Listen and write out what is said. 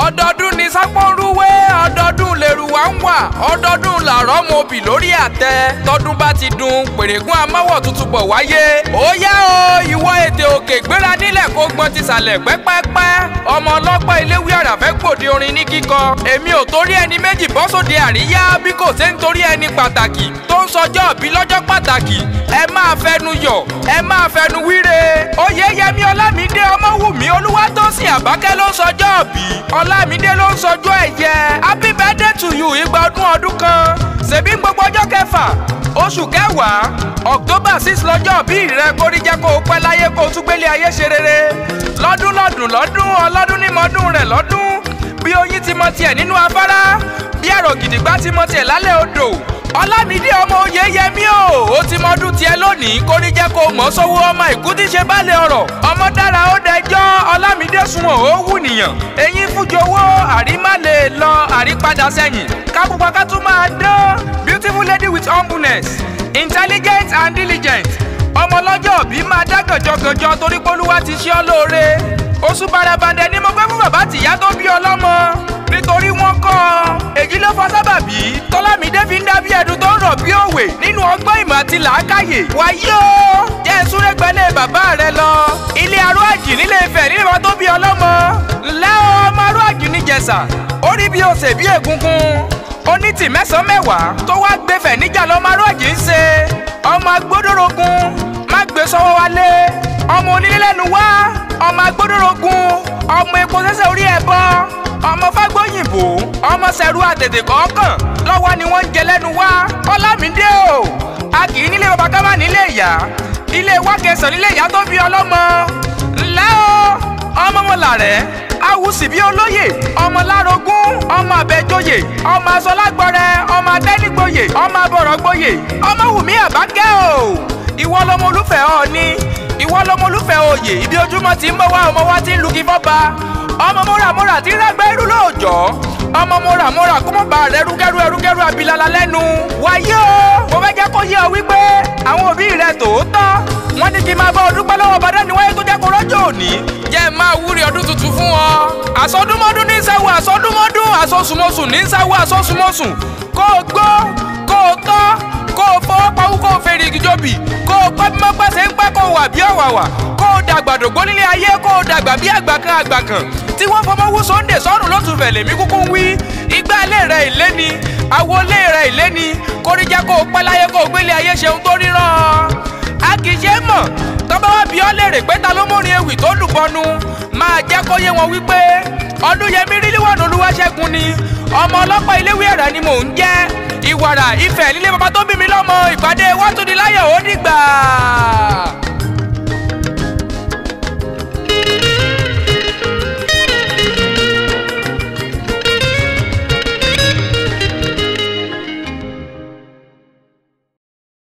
ọdọọdún ni sápọ́nrúwé ọdọọdún lèrúwà ń wà ọdọọdún làárọ̀ mobì lórí àtẹ tọdún bá ti dun pèrègùn amáwọ̀ tuntun bọ̀ wáyé ó yá o ìwọ ètè òkè gbéra nílẹ̀ kó gbọ́n ti sàlẹ̀ pẹ́pẹ́pẹ́ ọmọ ọlọ́pàá iléwé àràfẹ́ gbòde orin ní kíkọ èmi ò torí ẹni méjì bọ́ sóde àríyá bí kò ṣe ń torí ẹni pàtàkì tó ń sọjọ́ bí lọ́jọ́ pàtàkì ẹ olúwatósìn àbákẹ́ ló ń sọjọ́ bí ọlámídé ló ń sọjọ́ ẹ̀yẹ happy birthday to you igba ọdún ọdún kan ṣèbí gbogbo ọjọ́ kẹfà oṣù kẹwàá october six lọ́jọ́ bí rẹ kórí jẹ́ kó o pẹ́ láyé kó o tún gbélé ayé ṣe rere lọ́dún lọ́dún lọ́dún ọlọ́dún ní mọ́dún rẹ̀ lọ́dún bí oyin ti mọ tiẹ̀ nínú afárá bí ẹ̀rọ gidigba ti mọ tiẹ̀ lálẹ́ odò ọlámídé ọmọ oyè yẹmí o ó ti mọdún tiẹ̀ lónìí kórí kó o mọ̀ sówó ọmọ ìkú tí ṣe bá lè ọ̀rọ̀ ọmọ dára ó dẹ kẹsùn ò nìyàn eyín fújowó àrí má lè lọ àrí sẹ́yìn kápúpọ̀ ká tún máa dán beautiful lady with humbleness intelligent and diligent ọmọ lọ́jọ́ bí máa dá gànjọ́gànjọ́ torí pólúwa ti ṣe ọ́ lóore oṣù bàràbàǹdẹ̀ ni mo gbé fún bàbá tìyá tó bí ọlọ́mọ nítorí wọ́n kọ́ ọ èyí ló fọ sábàbí tọ́lámídé fi ń dábí ẹ̀dùn tó ń rọ̀ bí òwe nínú ọgbọ́n ìmọ̀ àti làákàyè wáyé o súré gbalẹ̀ bàbá rẹ lọ. ilé arúàjì nílé Ifẹ̀ nílé wọn tó bí ọlọ́mọ. ńlẹ́ o ọmọ arúàjì níjẹ̀ṣà ó rí bí ọ̀sẹ̀ bí egungun. onítì mẹ́sàn-án mẹ́wàá tó wá gbẹfẹ̀ níjà lọ́mọ arúàjì ń ṣe. ọmọ agbódòrógún má gbé sọ́wọ́ wálé. ọmọ onílé lẹ́nu wá ọmọ agbódòrógún ọmọ epo sẹ́sẹ̀ orí ẹ̀bọ ọmọ fágbóyìnbó ọmọ sẹ̀rú àtètè kọ̀ọ̀kan lọ́wọ́ ni wọ́n ń jẹ lẹ́nu wá ọlámídé o a kì í nílé bàbá ká má nílé ìyá ilé wákẹsàn nílé ìyá tó bí ọlọ́mọ ńlẹ́ o ọmọ wọn làrẹ́ awùsì bí olóyè ọmọ lárogún ọmọ àbẹjọyè ọmọ asọlágbọrẹ ọmọ adẹnigboyè ọmọ abọrọgboyè ọmọ wùmí àbákẹ́ o ìwọ lọmọ olúfẹ́ ọ ni, ìwọ lọmọ olúfẹ́ oyè ibi ojúmọ́ ti ń bọ̀ wá ọmọ wa ti ń lu kí fọ́ba ọmọ múramúra ti rẹ́gbẹ́ irú lóòjọ́ ọmọ múramúra kó mọ̀ bá rẹ̀ rúgẹ́rú ẹrúgẹ́rú abilala lẹ́nu wáyé o mo fẹ́ jẹ́ kó yé ọ wípé àwọn òbí rẹ tòótọ́ wọ́n ní kí n máa bá ọdún pẹ́ lọ́wọ́ bàdá ni wáyé tó jẹ́ kó rọ́jò òní. jẹ́ ẹ máa wúre ọdún tuntun fún ọ. àsọdúnmọ́dún ní sáwọ́ àsọdúnmọ́dún àsọsùmọ́sùn ní sáwọ́ àsọsùmọ́sùn kó o gbọ́ kó o tọ́ kó o fọwọ́ pawú kó o fèrè ìgìjọbì kó o pẹ́ mímọ́ pẹ́sẹ̀ ń pẹ́ kó o wà bí ọ̀wàwà kó o dàgbà dògbó nílé ayé kó o dàgbà bí àgbà kan àgbà kan tí wọ́n fọmọ́ wú sóńdè sọ́run lóṣù fẹ̀lẹ̀ mí kúkú wí igbá ilé rẹ̀ ìlé ni àwo ilé rẹ̀ ìlé ni kórìíjẹ́ kó o pẹ́ láyé kó o gbélé ayé ṣeun tó ríran a kì í ṣe é mọ̀ tọ́ba wá bí ọ́ léèrè pé ta ló mórin ewì tó lùbọnu máa jẹ́ kó yé wọn wípé Olúyẹmí Rílíwọ̀nù Olúwaṣẹ́gun ni ọmọ ọlọ́pàá iléwé ẹ̀rẹ́ ni mò ń jẹ́ Ìwàrà Ifẹ̀ nílé baba tó bí mi lọ́mọ ìpàdé wàtúndínláyọ̀ ó dìgbà.